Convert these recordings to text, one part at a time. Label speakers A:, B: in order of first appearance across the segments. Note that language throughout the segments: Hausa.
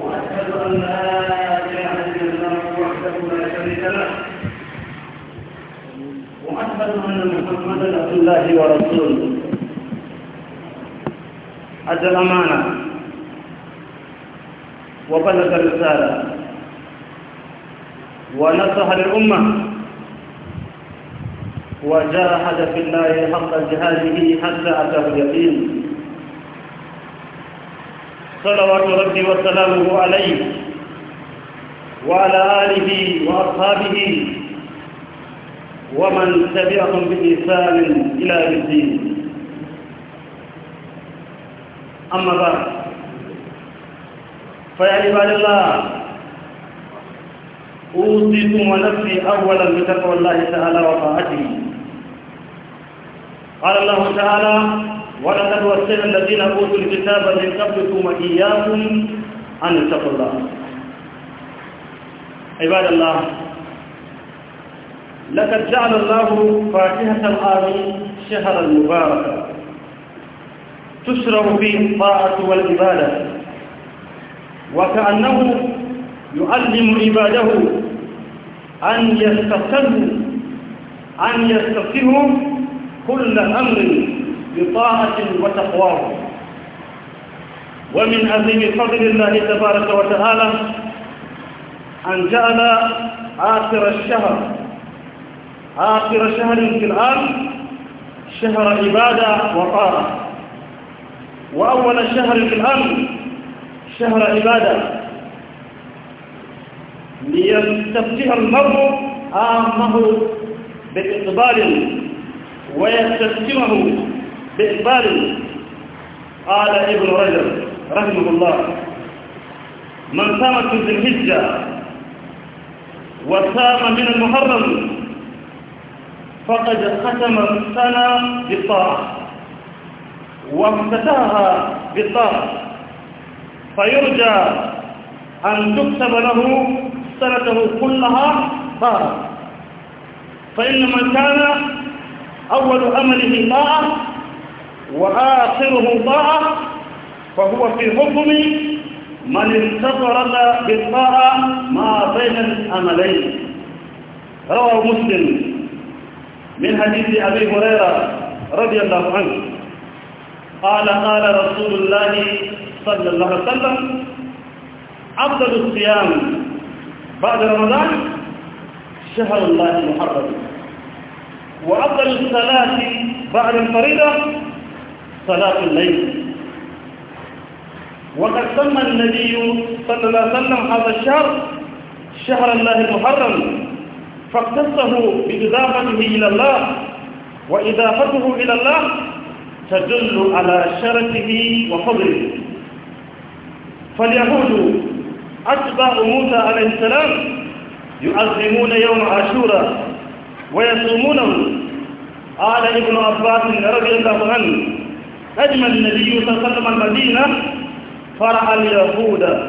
A: وأشهد أن لا إله إلا الله وحده لا شريك له وأشهد أن محمدا عبد الله ورسوله أدى الأمانة وبلغ الرسالة ونصح للأمة وجاهد في الله حق جهاده حتى أتاه اليقين صلوات ربي وسلامه عليه وعلى آله وأصحابه ومن تبعهم بإنسان إلى الدين أما بعد فيا عباد الله أوصيكم ونفسي أولا بتقوى الله تعالى وطاعته قال الله تعالى ولقد وصينا الذين اوتوا الكتاب من قبلكم واياكم ان اتقوا الله عباد الله لقد جعل الله فاكهة الارض شهرا مباركا تشرع فيه الطاعة والعبادة وكأنه يعلم عباده أن يستقلوا أن يستقلوا كل أمر بطاعة وتقواه ومن عظيم فضل الله تبارك وتعالى أن جعل آخر الشهر آخر شهر في الان شهر عبادة وطاعة وأول شهر في الان شهر عبادة ليستفتح المرء عامه بإقبال ويستفتحه بإقبال قال ابن رجب رحمه الله من صام في ذي الحجة وصام من المحرم فقد ختم السنة بالطاعة وافتتاها بالطاعة فيرجى أن تكتب له سنته كلها طاعة فإن من كان أول أمله طاعة وآخره طاعة فهو في حكم من انتظر بالطاعة ما بين الأملين روى مسلم من حديث أبي هريرة رضي الله عنه قال قال رسول الله صلى الله عليه وسلم أفضل الصيام بعد رمضان شهر الله المحرم وأفضل الصلاة بعد الفريضة صلاة الليل وقد سمى النبي صلى الله عليه وسلم هذا الشهر شهر الله المحرم فاقتصه بإضافته إلى الله وإضافته إلى الله تدل على شرفه وفضله فاليهود أتباع موسى عليه السلام يعظمون يوم عاشوراء ويصومونه قال ابن عباس رضي الله عنه قدم النبي صلى الله عليه وسلم المدينة فرأى اليهود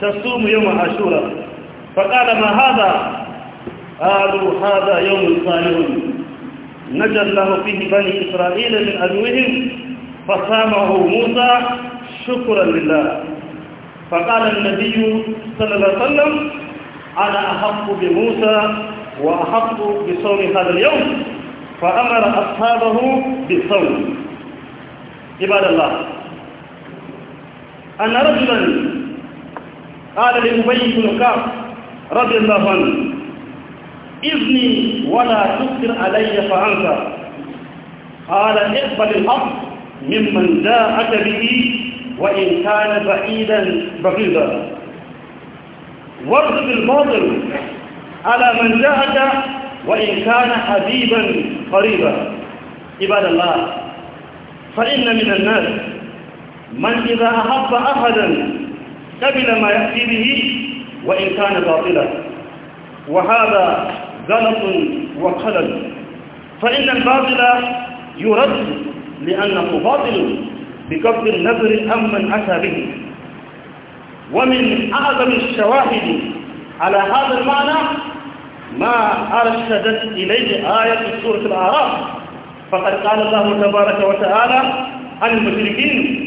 A: تصوم يوم عاشوراء فقال ما هذا قالوا هذا يوم صائم نجى الله فيه بني إسرائيل من عدوهم فصامه موسى شكرا لله فقال النبي صلى الله عليه وسلم أنا أحق بموسى وأحق بصوم هذا اليوم فأمر أصحابه بالصوم عباد الله أن رجلا قال لأبي بن كعب رضي الله عنه إذني ولا تكثر علي فأنت قال اقبل الحق ممن جاءك به وإن كان بعيدا بغيضا وارزق الباطل على من جاءك وإن كان حبيبا قريبا عباد الله فإن من الناس من إذا أحب أحدا قبل ما يأتي به وإن كان باطلا وهذا غلط وخلل فإن الباطل يرد لأنه باطل بكف أم من أتى به ومن أعظم الشواهد على هذا المعنى ما أرشدت إليه آية سورة الأعراف فقد قال الله تبارك وتعالى عن المشركين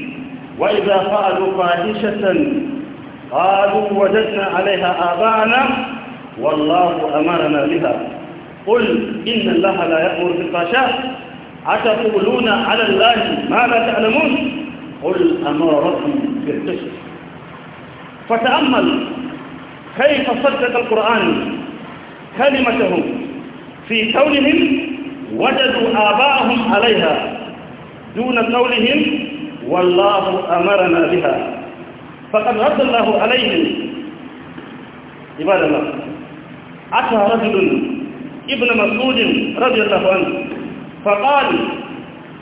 A: وإذا فعلوا فاحشة قالوا وجدنا عليها آباءنا والله أمرنا بها قل إن الله لا يأمر بالفحشاء أتقولون على الله ما لا تعلمون قل أمر ربي بالقسط فتأمل كيف صدق القرآن كلمته في كونهم وجدوا آباءهم عليها دون قولهم والله أمرنا بها فقد رد الله عليهم عباد الله أتى رجل ابن مسعود رضي الله عنه فقال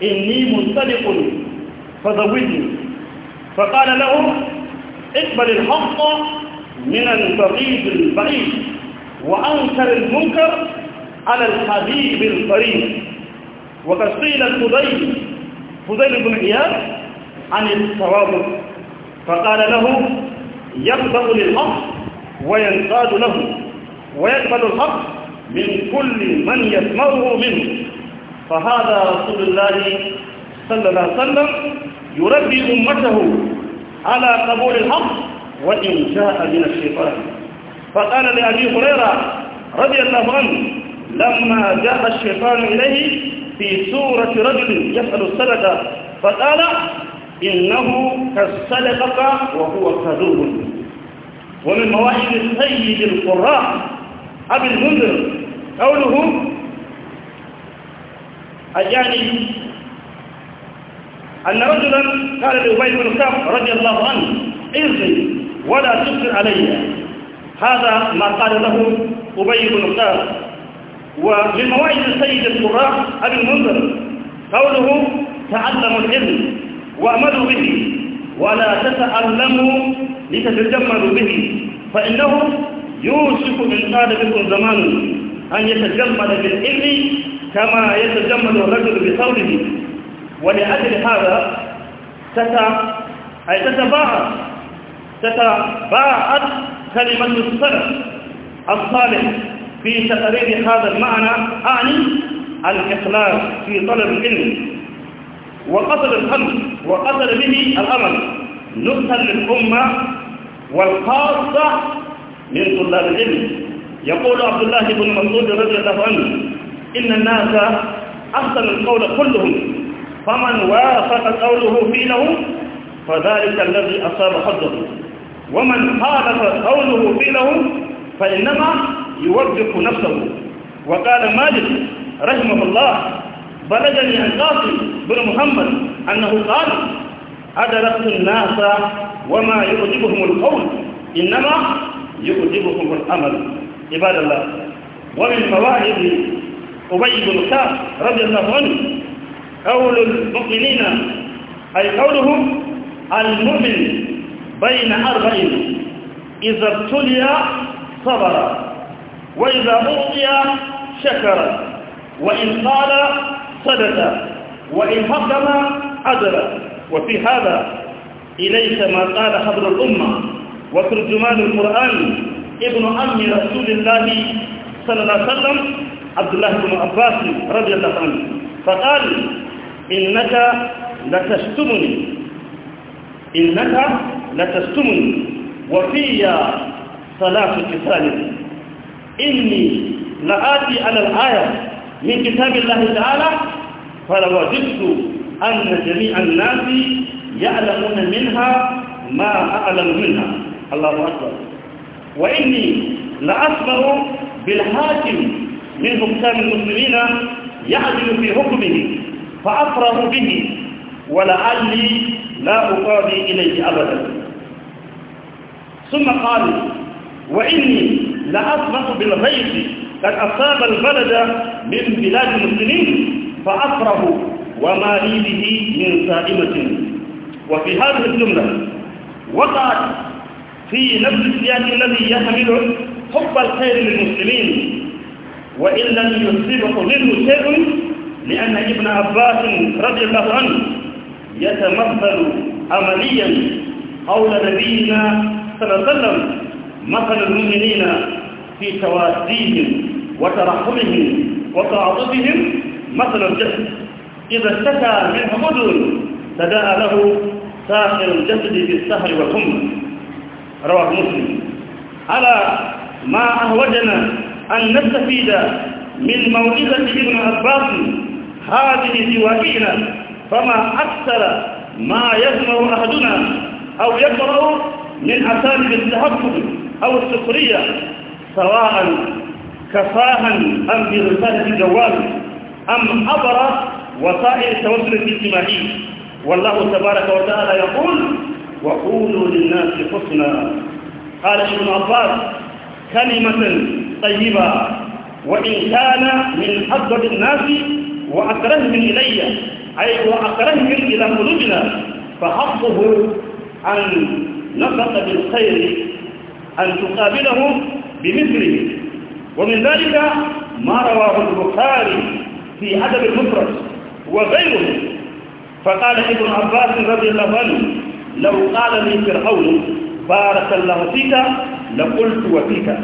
A: إني منطلق فزوجني فقال له اقبل الحق من البغيض البعيد وأنكر المنكر على الحبيب القريب وقد قيل الفضيل فضيل بن عياض عن التوابط فقال له يقبل للحق وينقاد له ويقبل الحق من كل من يسمعه منه فهذا رسول الله صلى الله عليه وسلم يربي أمته على قبول الحق وإن جاء من الشيطان فقال لأبي هريرة رضي الله عنه لما جاء الشيطان إليه في سورة رجل يسأل الصدقة فقال إنه كالصدقة وهو كذوب ومن مواعظ سيد القراء أبي المنذر قوله أجاني أن رجلا قال لأبي بن كعب رضي الله عنه إذني ولا تسر علي هذا ما قال له أبي بن كعب ومن مواعظ السيد القراء أبي المنذر قوله تعلموا العلم وأملوا به ولا تتألموا لتتجملوا به فإنه يوشك من طالبكم زمان أن يتجمل بالعلم كما يتجمل الرجل بقوله ولأجل هذا تتا أي تتباعد تتباعد كلمة السلف الصالح في تقرير هذا المعنى أعني الإخلاص في طلب العلم وقتل الهم وقتل به الأمل نصحا للأمة والخاصة من طلاب العلم يقول عبد الله بن مسعود رضي الله عنه إن الناس أحسن القول كلهم فمن وافق قوله فينه فذلك الذي أصاب حظه ومن خالف قوله فينه فإنما يوبخ نفسه وقال مالك رحمه الله بلغني عن قاسم بن محمد أنه قال أدركت الناس وما يعجبهم القول إنما يعجبهم الأمل عباد الله ومن فوائد أبي بن كعب رضي الله عنه قول المؤمنين أي قولهم المؤمن بين اربعين إذا ابتلي صبر وإذا أعطي شكر وإن قال صدق وإن حكم عدل وفي هذا إليك ما قال حضر الأمة وترجمان القرآن ابن عم رسول الله صلى الله عليه وسلم عبد الله بن عباس رضي الله عنه فقال إنك لتشتمني إنك لتشتمني وفي صلاة كسالي إني لآتي على الآية من كتاب الله تعالى فلوجدت أن جميع الناس يعلمون منها ما أعلم منها الله أكبر وإني لأصبر بالحاكم من حكام المسلمين يعدل في حكمه فأفرح به ولعلي لا أقاضي إليه أبدا ثم قال وإني لأصبحوا بالغيث قد أصاب البلد من بلاد المسلمين فأفرحوا وما لي به من سائمة وفي هذه الجملة وقعت في نفس السياق الذي يحمل حب الخير للمسلمين وإن لم يصبح منه شيء لأن ابن عباس رضي الله عنه يتمثل عمليا قول نبينا صلى الله عليه وسلم مثل المؤمنين في توازيهم وترحمهم وتعاطفهم مثل الجسد إذا اشتكى منه مدن تداعى له ساخر الجسد بالسهر والحمى رواه مسلم على ما أهوجنا أن نستفيد من موعظة ابن عباس هذه سواكينا فما أكثر ما يسمع أحدنا أو يقرأ من أساليب التهكم أو السخرية سواء كفاها أم برسالة الجوال أم عبر وسائل التواصل الاجتماعي والله تبارك وتعالى يقول وقولوا للناس حسنا قال ابن عباس كلمة طيبة وإن كان من أفضل الناس وأكرههم إلي أي وأكرههم إلى قلوبنا فحقه أن نفق بالخير أن تقابله بمثله ومن ذلك ما رواه البخاري في أدب المفرد وغيره فقال ابن عباس رضي الله عنه لو قال لي فرعون بارك الله فيك لقلت وفيك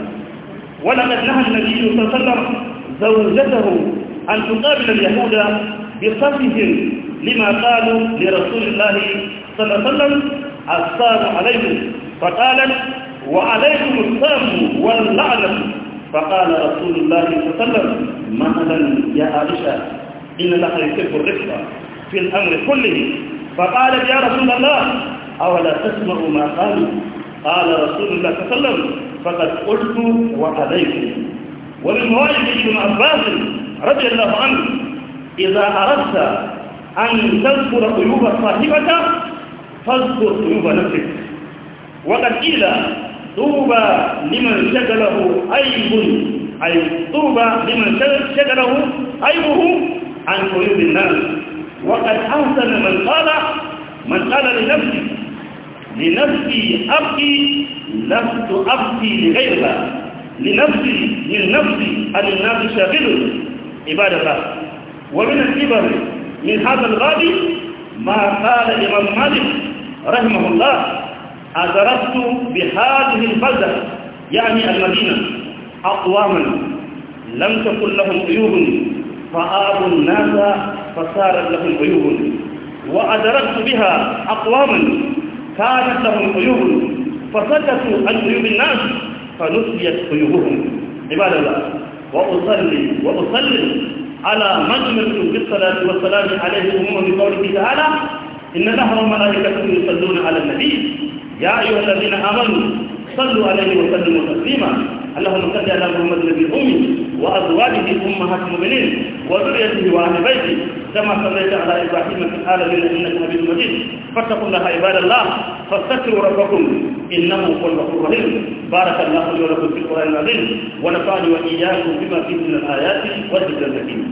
A: ولقد نهى النبي صلى الله عليه وسلم زوجته أن تقابل اليهود بصفهم لما قالوا لرسول الله صلى الله عليه وسلم الصاد عليهم فقالت وعليكم السلام واللعنة فقال رسول الله صلى الله عليه وسلم مثلا يا عائشة إن لك يكف الرفق في الأمر كله فقالت يا رسول الله أولا تسمع ما قالوا قال رسول الله صلى الله عليه وسلم فقد قلت وعليكم ومن رواية ابن عباس رضي الله عنه إذا أردت أن تذكر عيوب صاحبك فاذكر عيوب نفسك وقد قيل طوبى لمن شغله عيب أي طوبى لمن شغله عيبه عن قلوب الناس وقد أحسن من قال من قال لنفسي لنفسي أبكي لست أبكي لغيرها لنفسي لنفسي أن الناس شاغل عباد الله ومن الكبر من هذا الغادي ما قال الإمام مالك رحمه الله أدركت بهذه البلدة يعني المدينة أقواما لم تكن لهم عيوب فآبوا الناس فصارت لهم عيوب وأدركت بها أقواما كانت لهم عيوب فسكتوا عن عيوب الناس فنسيت عيوبهم عباد الله وأصلي وأصلي على مجمع بالصلاة والسلام عليه أمه بقوله تعالى إن نهر وملائكته يصلون على النبي يا أيها الذين آمنوا صلوا عليه وسلموا تسليما اللهم صل على محمد النبي الأمي وأزواجه أمهات المؤمنين وذريته وأهل بيته كما صليت على إبراهيم في العالمين إنك نبي مجيد فاتقوا الله عباد الله فاستغفروا ربكم إنه هو الغفور الرحيم بارك الله لي ولكم في القرآن العظيم ونفعني وإياكم بما فيه من الآيات والذكر الحكيم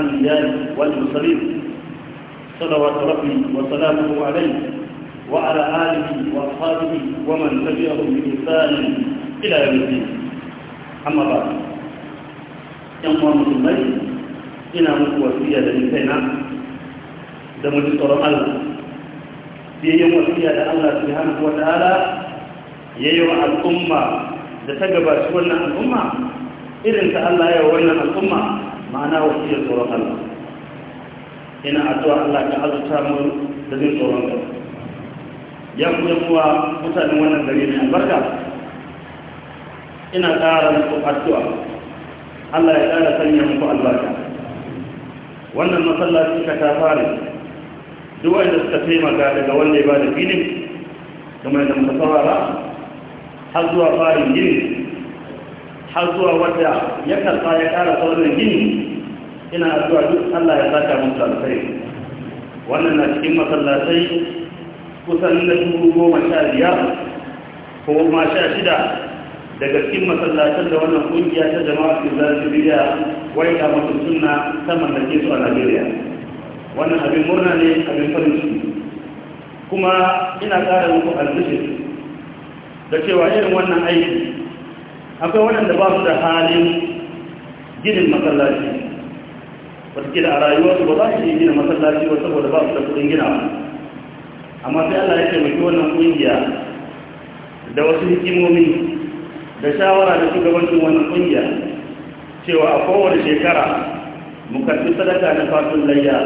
A: الأنبياء والمرسلين صلوات ربي وسلامه عليه وعلى آله وأصحابه ومن تبعهم بإحسان إلى يوم الدين أما بعد يوم المسلمين ina muku wasiya da kaina da mu tsoron Allah yayin wasiya da Allah subhanahu al'umma da ta gabaci wannan al'umma irin ta Allah ya wannan al'umma ma'ana wasu wasiyar tsoron Allah ina addu'a Allah ka azurta mun da jin tsoron ka ya kuma mutanen wannan gari ne albarka ina ƙara muku addu'a Allah ya ƙara sanya muku albarka wannan masallaci ka ta fara duk wanda suka taimaka daga wanda ya ba da filin kuma da muka saurara har zuwa farin gini har zuwa wanda ya karfa ya kara sauran gini ina zuwa duk Allah ya zaka mun alkhairi wannan na cikin masallatai kusan na dubu goma sha biyar ko ma sha shida daga cikin masallatan da wannan kungiya ta jama'a ke biya wai ta mutum suna ta mallake su a najeriya wannan abin murna ne abin farin ciki kuma ina kara muku alfishin da cewa irin wannan aiki akwai waɗanda ba su da halin ginin masallaci wataƙila a rayuwarsu ba za su yi gina masallaci ba saboda ba su da kudin gina amma sai allah ya taimaki wannan ƙungiya da wasu hikimomi da shawara da shugabancin wannan ƙungiya cewa a kowane shekara mu karfi sadaka na fatun layya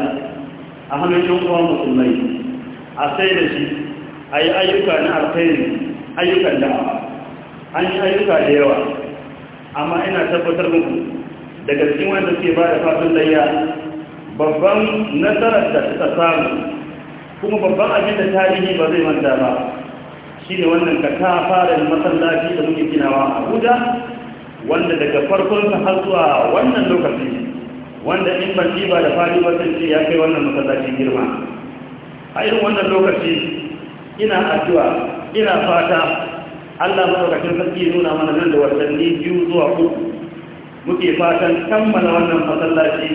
A: a hannun yan musulmai a sai da shi a yi ayyuka na alkhairi ayyukan da'awa an yi ayyuka da yawa amma ina tabbatar muku daga cikin wanda suke ba da fatan layya babban nasarar da suka samu kuma babban abin da tarihi ba zai manta ba shi ne wannan ka ta fara masallaci da muke ginawa a abuja wanda daga farkon har zuwa wannan lokaci wanda in ban ba da fadi ba sai ce ya kai wannan masallaci girma a irin wannan lokaci ina addu'a ina fata Allah madaukakin sarki nuna mana nan da watanni biyu zuwa uku muke fatan kammala wannan masallaci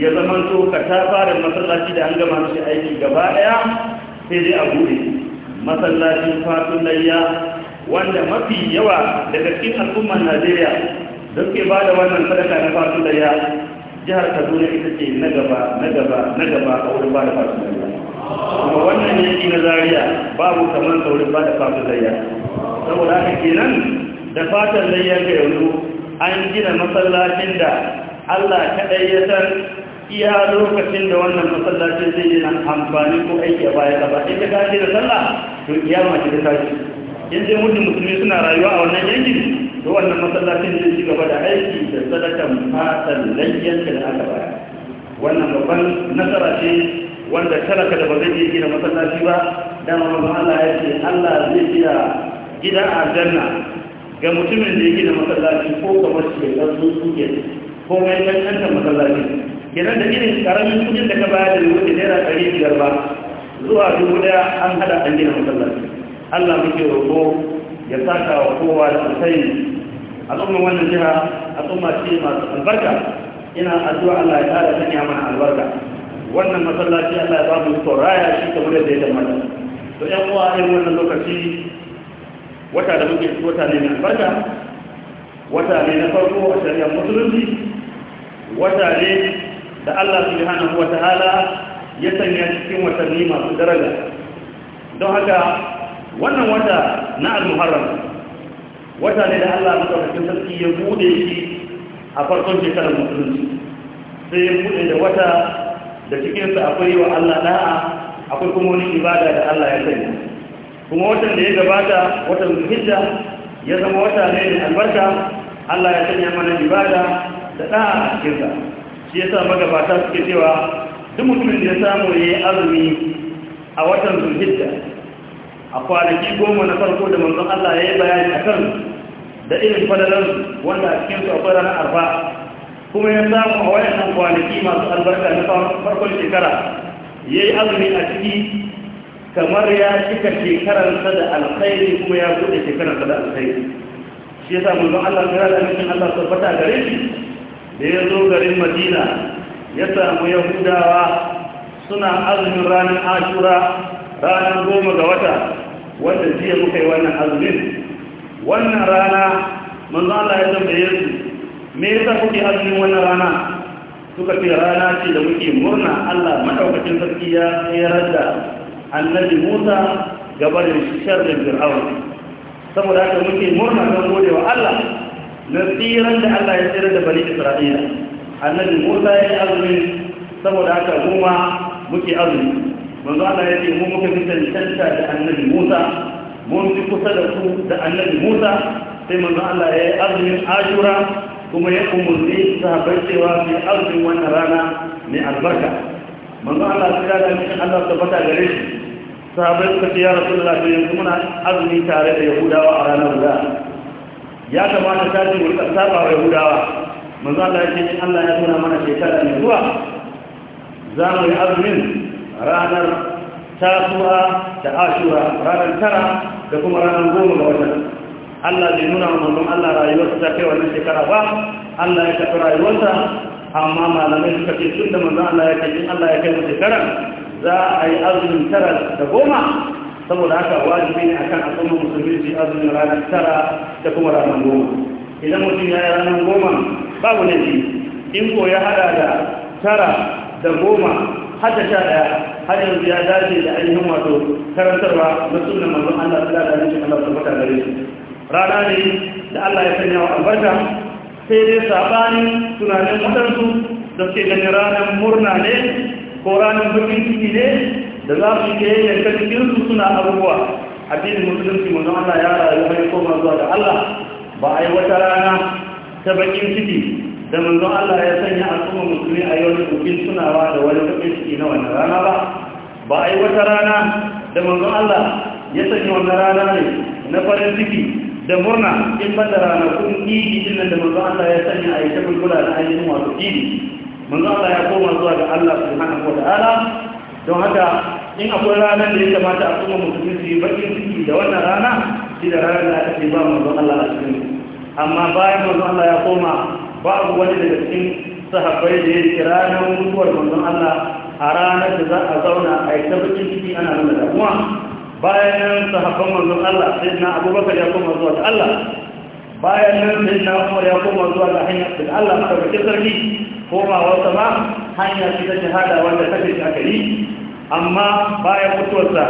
A: ya zama to ka ta fara masallaci da an gama shi aiki gaba daya sai dai a buɗe masallacin fatun layya wanda mafi yawa daga cikin al'ummar Najeriya da suke ba da wannan sadaka na fatun layya jihar Kaduna ita ce na gaba na gaba na gaba a wurin ba da fatun layya kuma wannan yanki na Zariya babu kamar saurin bada da fatun layya saboda haka kenan da fatan da ya ga yanzu an gina masallacin da Allah kadai ya san iya lokacin da wannan masallacin zai yi amfani ko aiki a baya gaba in ka kaji da sallah to iya kiyama da ta tashi in dai mutum musulmi suna rayuwa a wannan yankin to wannan masallacin zai ci gaba da aiki da sadakan fatan layyanka da aka baya wannan babban nasara ce wanda talaka da ba zai iya gina masallaci ba dama ba Allah ya ce Allah zai gina. gida a janna ga mutumin da ya gina masallaci ko kamar shi ya zo ke ko mai kankanta masallaci idan da irin karamin kudin da ka bayar da da naira ɗari biyar ba zuwa dubu ɗaya an haɗa an gina masallaci allah muke roƙo ya saka wa kowa da sosai al'umma wannan jiha al'umma ce masu albarka ina addu'a allah ya ƙara sanya mana albarka wannan masallaci allah ya ba mu tsoraya shi kamar da ya kamata to yan uwa a wannan lokaci wata da muke ci wata ne na albarka wata ne na farko a shari'ar musulunci wata ne da Allah subhanahu ta'ala ya sanya cikin watanni masu daraja don haka wannan wata na al-muharram wata ne da Allah madaukakin sarki ya bude shi a farkon shekarar musulunci sai ya bude da wata da cikinsa akwai wa Allah da'a akwai kuma wani ibada da Allah ya sanya kuma watan da ya gabata watan hijja ya zama wata ne da albarka Allah ya sanya mana ibada da da a shi ya sa magabata suke cewa duk mutumin da ya samu ya yi azumi a watan zulhijja a kwanaki goma na farko da manzon Allah ya yi bayani a kan da irin fadalansu wanda a cikinsu akwai ranar arfa kuma ya samu a wayannan kwanaki masu albarka na farkon shekara ya yi azumi a ciki kamar ya cika shekararsa da alkhairi kuma ya buɗe shekararsa da alkhairi shi yasa manzon Allah kira da amincin Allah tabbata gare shi da ya zo garin Madina ya samu Yahudawa suna azumin ranar Ashura ranar goma ga wata wanda jiya muka yi wannan azumin wannan rana manzon Allah ya tambaye su me yasa kuke azumin wannan rana suka ce rana ce da muke murna Allah madaukakin sarki ya tsayar da annabi musa gaba da sharrin fir'aun saboda haka muke murna don gode wa allah na tsiran da allah ya tsira da bani isra'ila annabi musa ya yi azumi saboda haka goma muke azumi manzo allah ya ce mu muka fi tantanta da annabi musa mun fi kusa da su da annabi musa sai manzo allah ya yi azumin ashura kuma ya umarni sahabai cewa mai azumin wannan rana mai albarka manzo Allah sai da shi Allah tabbata gare shi sahabbai suka ce ya rasulullah to yanzu muna azumi tare da yahudawa a ranar guda ya kamata ta ji mu saba wa yahudawa manzo Allah ya ce Allah ya tuna mana shekara ne zuwa za mu yi azumin ranar tasuwa da ashura ranar tara da kuma ranar goma ga watan Allah bai nuna wa manzon Allah rayuwarsa ta kai wannan shekara ba Allah ya tafi rayuwarsa amma malamai suka ce tun da manzo Allah ya kai in Allah ya kai mu shekaran za a yi azumin tara da goma saboda haka wajibi ne akan al'umma musulmi su azumin ranar tara da kuma ranar goma idan mutum ya yi ranar goma babu ne ji in ko ya hada da tara da goma har da sha daya har yanzu ya dace da ainihin wato karantarwa na sunan manzon Allah sallallahu alaihi wasallam tabbata gare shi rana ne da Allah ya sanya wa albarka sai dai sabani tunanin waɗansu da suke ganin ranar murna ne ko ranar birnin ciki ne da za su ke yanka cikinsu suna abubuwa addinin musulunci mu Allah ya rayu mai koma zuwa ga Allah ba a yi wata rana ta bakin ciki da manzon Allah ya sanya a al'umma musulmi a yau bukin tunawa da wani bakin ciki na wannan rana ba ba a yi wata rana da manzon Allah ya sanya wannan rana ne na farin ciki da murna in banda kun yi din nan da manzo Allah ya sanya a yi ta bulbula da ainihin wato idi manzo Allah ya koma zuwa ga Allah ko da ala don haka in akwai ranar da ya kamata a kuma musulmi su yi bakin ciki da wannan rana shi da ranar da aka ce ba manzo Allah a cikin amma bayan manzo Allah ya koma babu wani daga cikin sahabbai da ya yi ranar mutuwar manzo Allah a ranar da za a zauna a yi ta bakin ciki ana nuna damuwa bayan sahabban manzon Allah sai na abubakar ya koma zuwa ga Allah bayan nan sai na umar ya koma zuwa ga hanyar da Allah bace sarki komawa sama hanya ce ta shahada wanda ta ce aka yi amma bayan mutuwarsa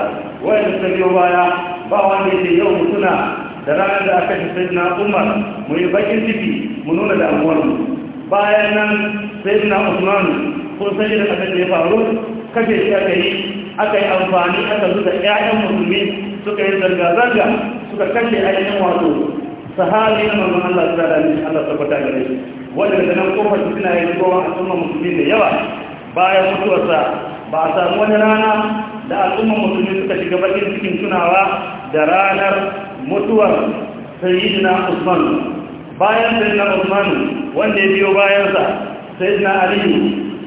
A: wanda ta biyo baya ba wanda yake yau mutuna da ranar da aka shi sai na umar mu yi bakin ciki mu nuna da mu bayan nan sai na usman ko sai da abin da ya faru kake shi aka yi aka yi amfani aka zuka 'ya'yan musulmi suka yi zanga-zanga suka kashe ainihin wato sahabi na mamman Allah su da ne Allah su fata gare shi wanda daga nan kofar suna yin kowa a sunan musulmi da yawa bayan mutuwarsa ba a samu wani rana da al'ummar musulmi suka shiga bakin cikin tunawa da ranar mutuwar sayyidina Usman bayan sayyidina Usman wanda ya biyo bayansa sayyidina Aliyu,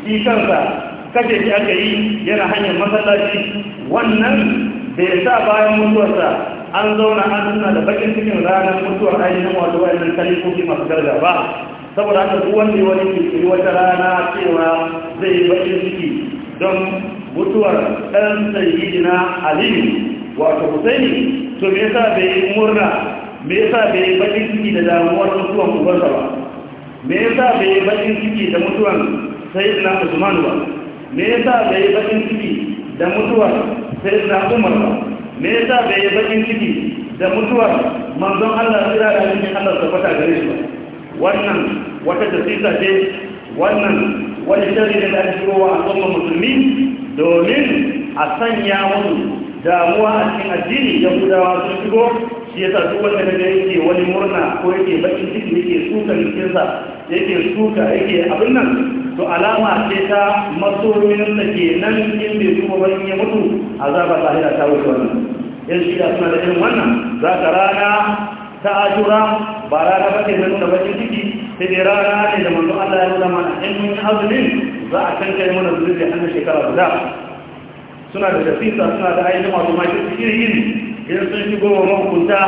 A: shi kansa kashe shi aka yi yana hanyar masallaci wannan bai sa bayan mutuwarsa an zauna an suna da bakin cikin ranar mutuwar ainihin wato wayannan kalifofi masu garga ba saboda haka duk wanda ya wani wata rana cewa zai yi bakin ciki don mutuwar ɗan sayyidina aliyu wato husaini to me yasa bai yi murna me yasa bai yi bakin ciki da damuwar mutuwan ubansa ba me yasa bai yi bakin ciki da mutuwan sayyidina usman ba me yasa da yi bakin ciki da mutuwar sai na umar me yasa da yi bakin ciki da mutuwar manzon Allah sai da cikin Allah fata gare shi ba wannan wata tafsira ce wannan wani shari'a da ake shirowa a tsamman musulmi domin a sanya wani damuwa a cikin addini ya gudawa sun shigo shi yasa duk wanda daga yake wani murna ko yake bakin ciki yake suka jikinsa yake suka yake abin nan to alama ce ta masoyin da ke nan in bai tuba ba ya mutu a ta hira ta wuce wannan yan shi da suna da irin wannan za ka rana ta ajura ba rana ba ke da bakin ciki sai dai rana ne da manzo Allah ya zama mana in mun azumin za a yi mana zunubi a shekara guda suna da tafisa suna da ainihin masu mai cikin iri idan sun shigo wa mahukunta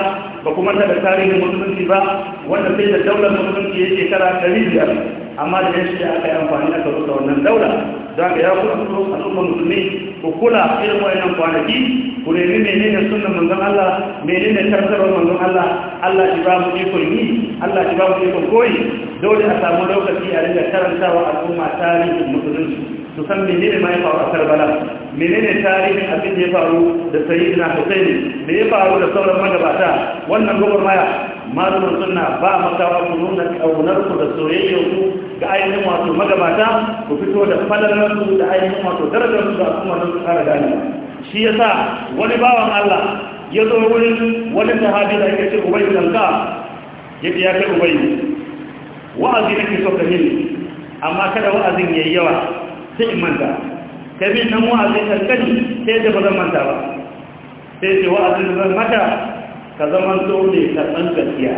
A: ba kuma ta da tarihin musulunci ba wanda sai da daular musulunci ya shekara 500 amma da yanzu da aka yi amfani aka rusa wannan daula za ka ya kuma a al'ummar musulmi ku kula irin wayannan kwanaki ku nemi ne sunan manzon Allah ne tarzarar manzon Allah Allah shi ba mu ikon yi Allah shi ba mu ikon koyi dole a samu lokaci a ringa karantawa al'umma tarihin musulunci su san menene mai faru a karbala menene tarihin abin da ya faru da sayi na husaini da ya faru da sauran magabata wannan maya? malumar suna ba makawa ku nuna ƙaunarku da soyayyarku ga ainihin wato magabata ku fito da falalarsu da ainihin wato su da kuma don su kara gani shi yasa wani bawan Allah ya zo wurin wani sahabi da ya ce ubai kanka yadda ya kai ubai wa'azi nake so ka amma kada wa'azin ya yi yawa sai in manta kamin nan wa'azin kankani sai da ba zan manta ba sai ce wa'azin zan mata ka zama so ne karɓar gaskiya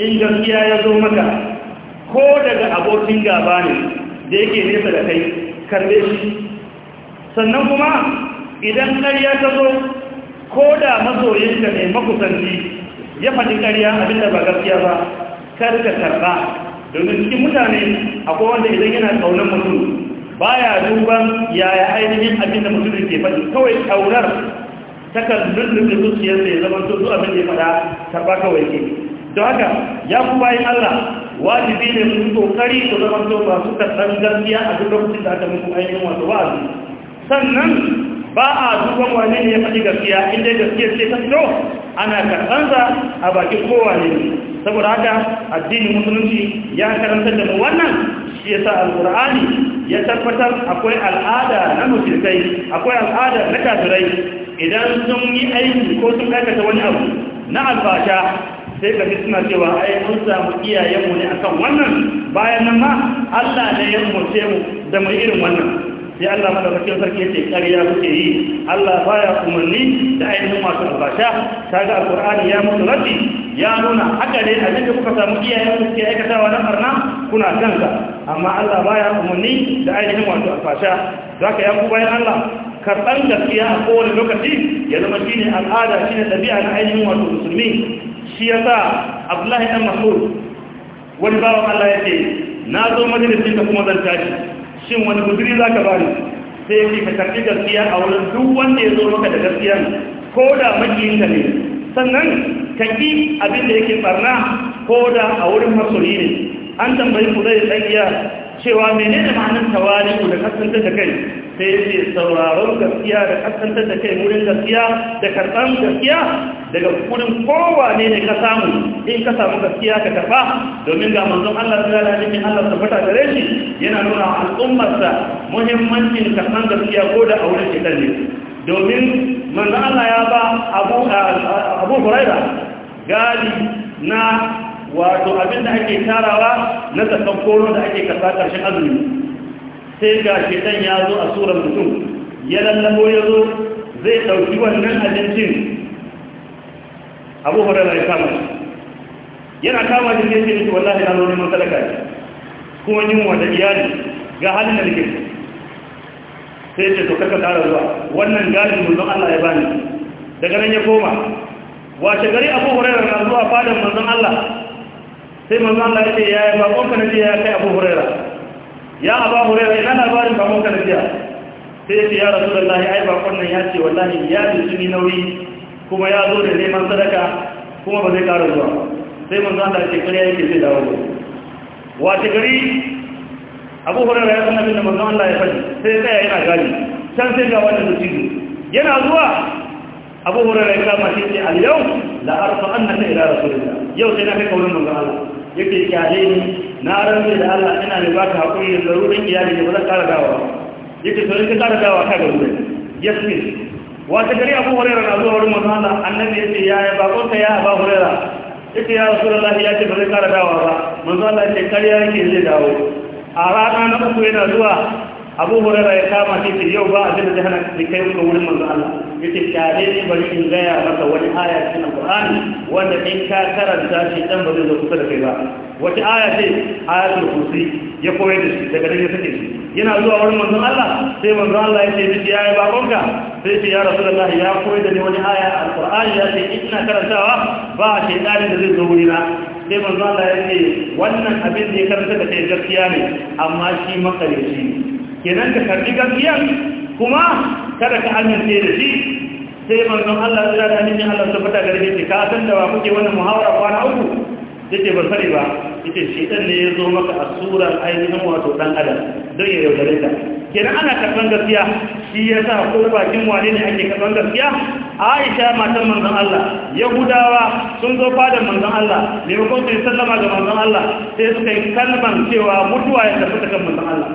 A: in gaskiya ya zo maka ko daga abokin gaba ne da yake nesa da kai karbe shi sannan kuma idan ƙarya ta zo ko da masoyinka ne makusanci ya faɗi ƙarya abinda ba gaskiya ba karka karɓa domin cikin mutane akwai wanda idan yana ƙaunar mutum baya duban yaya ainihin abin da mutum ke faɗi kawai kaunar da zuciyar da ya zama to zuwa abin da ya faɗa karɓa kawai ke don haka ya fi bayan Allah wajibi ne mu kokari ku zama to masu karɓar gaskiya a duk lokacin da aka muku ainihin wato wa'azi sannan ba a duban wane ne ya faɗi gaskiya inda gaskiya ce ta fito ana karɓansa a baki kowane ne saboda haka addinin musulunci ya karanta da mu wannan shi yasa alqur'ani ya tabbatar akwai al'ada na musulmai akwai al'ada na kafirai idan sun yi aiki ko sun aikata wani abu na albasha sai ka suna cewa ai mun samu iyayenmu ne akan wannan bayan nan ma Allah ne ya mu da mu irin wannan sai Allah madaukakin sarki yake ƙarya kuke yi Allah baya umarni da ainihin masu albasha ga alƙur'ani ya mutu rabbi ya nuna haka ne a da kuka samu iyayen ku ke aikatawa na barna kuna kanka amma Allah baya umarni da ainihin masu albasha ka yanku bayan Allah karɓar gaskiya a kowane lokaci ya zama shi ne al'ada shi ne ɗabi'a na ainihin wato musulmi shi ya sa abdullahi ɗan masu wani bawan allah ya ce na zo majalisin da kuma zan tashi shin wani guzuri za ka bani sai yake ka karɓi gaskiya a wurin duk wanda ya zo maka da gaskiya ko da makiyinka ne sannan ka ƙi abin da yake barna ko da a wurin masoyi ne an tambayi ku zai tsakiya cewa mene da ma'anin tawali da kasantar da kai sai yake sauraron gaskiya da kasantar da kai wurin gaskiya da karɓar gaskiya daga kudin ne ne ka samu in ka samu gaskiya ka karba domin ga manzon Allah sallallahu alaihi Allah tabbata gare shi yana nuna wa al'ummarsa muhimmancin ka san gaskiya ko da aure ke ne domin manzon Allah ya ba Abu Abu Huraira gadi na wato abin da ake tarawa na tsakan koro da ake kasa karshen azumi sai ga shedan ya zo a surar mutum ya lallabo ya zo zai ɗauki wannan abincin abu da ya kama shi yana kama da sai ce wallahi na lori masalaka ne kuma yin da iyali ga halin da nake sai ce to kaka tara zuwa wannan gari mun Allah ya bani daga nan ya koma wace gari abu hurairar na zuwa fadan manzon Allah sai manzon Allah ya ce ya yi bakon ka nabi ya kai abu hurairar ya aba hurairar ina labarin bakon ka nabi sai ya ce ya rasulullahi ai bakon nan ya ce wallahi ya ji yi nauyi kuma ya zo da neman sadaka kuma ba zai kara zuwa sai mun zanta ce kare yake sai dawo gobe wace gari Abu Hurairah ya abin da manzo Allah ya faɗi sai tsaya yana gadi can sai ga wannan mutum yana zuwa Abu da ya kama shi ce al yau la arfa annaka ila rasulillah yau sai na kai kaurin manzo Allah yake kyale ni na rantsa da Allah ina ne baka hakuri da zaruran iyali ne ba zan ƙara dawa yake to in ka ƙara dawa ka ga gobe yasmin wata gari Abu Hurairah na zuwa wurin manzo Allah annabi yace ya ya bakonka ya Abu Hurairah ita ya rasu Allah ya ce ba zai kara dawa ba manzo Allah ce karya yake zai dawo a rana na uku yana zuwa abu hurara ya kama titi ce yau ba a da zai hana kai muka wurin manzo Allah Ya ce tare ne bari in gaya maka wani aya na Qur'ani wanda in ka karanta shi dan ba zai zo kusa da kai ba wata aya ce ta kursi ya koyar da shi daga nan ya sake shi yana zuwa wurin manzo Allah sai manzo Allah ya ce ya yi bakonka sai ce ya rasu da ya koyar da ne wani aya a alƙur'ani ya ce ina karantawa ba a shaidanin da zai zo wurina sai manzo Allah ya ce wannan abin da ya karanta da kai gaskiya ne amma shi shi kenan ka karbi gaskiya kuma kada ka amince da shi sai manzo Allah ya da ni Allah tabbata gare shi ka san da wa kuke wannan muhawara kwana uku yace ban sani ba yace shi dan ne ya zo maka a surar ainihin wato dan adam don ya yaudare ka kenan ana karɓar gaskiya shi ya sa ko bakin wane ne ake karɓar gaskiya aisha matan manzon Allah yahudawa sun zo fadar manzon Allah ne ko sai sallama ga manzon Allah sai suka yi kalman cewa mutuwa ya tafi daga manzon Allah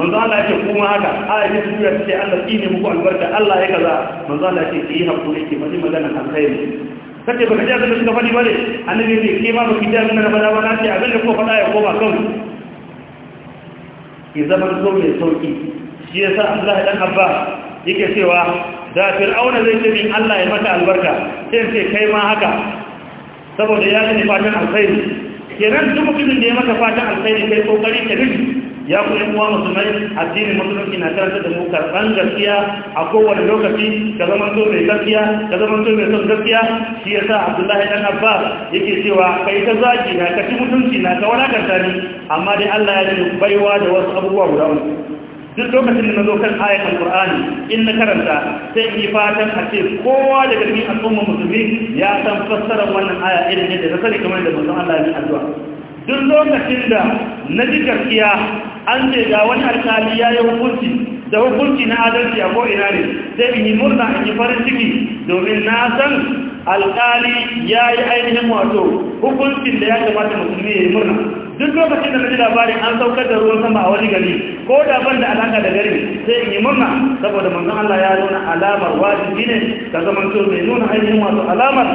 A: manzon Allah ce kuma haka aisha su ya ce Allah shi ne muku albarka Allah ya kaza manzon Allah ce yi hakuri ki bari magana kan kai kace ka ji abin da suka faɗi bane annabi ne ke ma ba ji abin da na faɗa ba na ce abin da ko faɗa ya koma kan ke zama so mai sauki shi yasa Allah dan Abba yake cewa da Fir'auna zai ce min Allah ya mata albarka sai sai kai ma haka saboda ya yi fatan alkhairi kenan duk mutumin da ya maka fatan alkhairi kai kokari ka ya ku kuwa uwa musulmai addinin musulunci na karanta da mu karɓan gaskiya a kowane lokaci ka zama so mai gaskiya ka zama so mai son gaskiya shi yasa abdullahi dan abbas yake cewa kai ta zaki na ka ci mutunci na ka wadatar ni amma dai Allah ya yi baiwa da wasu abubuwa guda uku duk lokacin da na zo kan ayat alqur'ani in na karanta sai in yi fatan a ce kowa daga cikin al'umma musulmi ya san fassarar wannan aya irin yadda na sani kamar yadda manzon Allah ya yi addu'a duk lokacin da na ji gaskiya an ce ga wani alkali ya yi hukunci da hukunci na adalci a ko'ina ne sai in yi murna in yi farin ciki domin na san alkali ya yi ainihin wato hukuncin da ya kamata musulmi ya yi murna duk lokacin da na ji labarin an saukar da ruwan sama a wani gari ko da ban da alaka da gari sai in yi murna saboda manzon Allah ya nuna alamar wajibi ne ka zama mai nuna ainihin wato alamar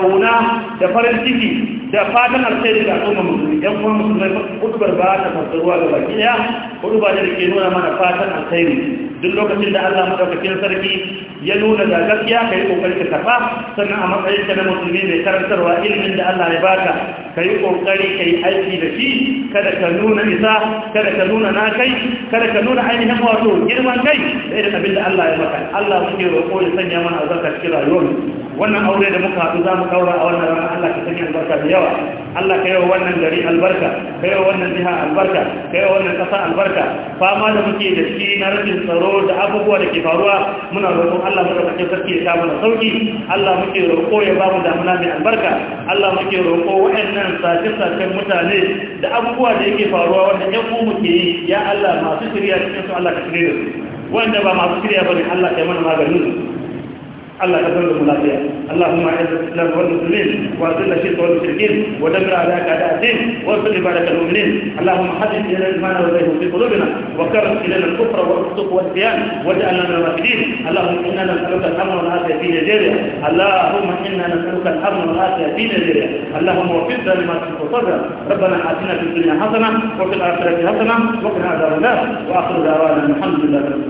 A: auna da farin ciki da fatan alkhairi da kuma musulmi yan kuma musulmai hudubar ba ta ruwa ga baki daya hudubar da ke nuna mana fatan alkhairi duk lokacin da Allah madaukakin sarki ya nuna da gaskiya kai kokari ka tafa sannan a matsayin ka na musulmi mai karantarwa ilimin da Allah ya baka kai kokari kai aiki da shi kada ka nuna isa kada ka nuna na kai kada ka nuna ainihin wato girman kai da irin abin da Allah ya baka Allah muke roƙo ya sanya mana azaka cikin rayuwar. wannan aure da muka haɗu za mu ɗaura a wannan rana Allah ka sanya albarka da yawa Allah ka yawa wannan gari albarka ka yawa wannan jiha albarka ka yawa wannan ƙasa albarka fama da muke da shi na rashin tsaro da abubuwa da ke faruwa muna roƙon Allah muka sake sarki ya samu na sauki Allah muke roƙo ya ba mu damuna mai albarka Allah muke roƙo waɗannan sace-sacen mutane da abubuwa da yake faruwa wanda ƴan mu muke yi ya Allah masu shirya cikin su Allah ka shirya da su wanda ba masu shirya ba ne Allah ka yi mana maganin su الله كفر الملاقيا اللهم اعز الاسلام والمسلمين واذل الشرك والمشركين ودمر على اعداء الدين وانصر عبادك المؤمنين اللهم حدث الينا الايمان والزيه في قلوبنا وكره الينا الكفر والفسوق والعصيان واجعلنا من الراشدين اللهم انا نسالك الامن والعافيه في نيجيريا اللهم انا نسالك الامن والعافيه في نيجيريا اللهم وفقنا لما تحب وترضى ربنا اتنا في الدنيا حسنه وفي الاخره حسنه وقنا عذاب النار واخر دعوانا الحمد لله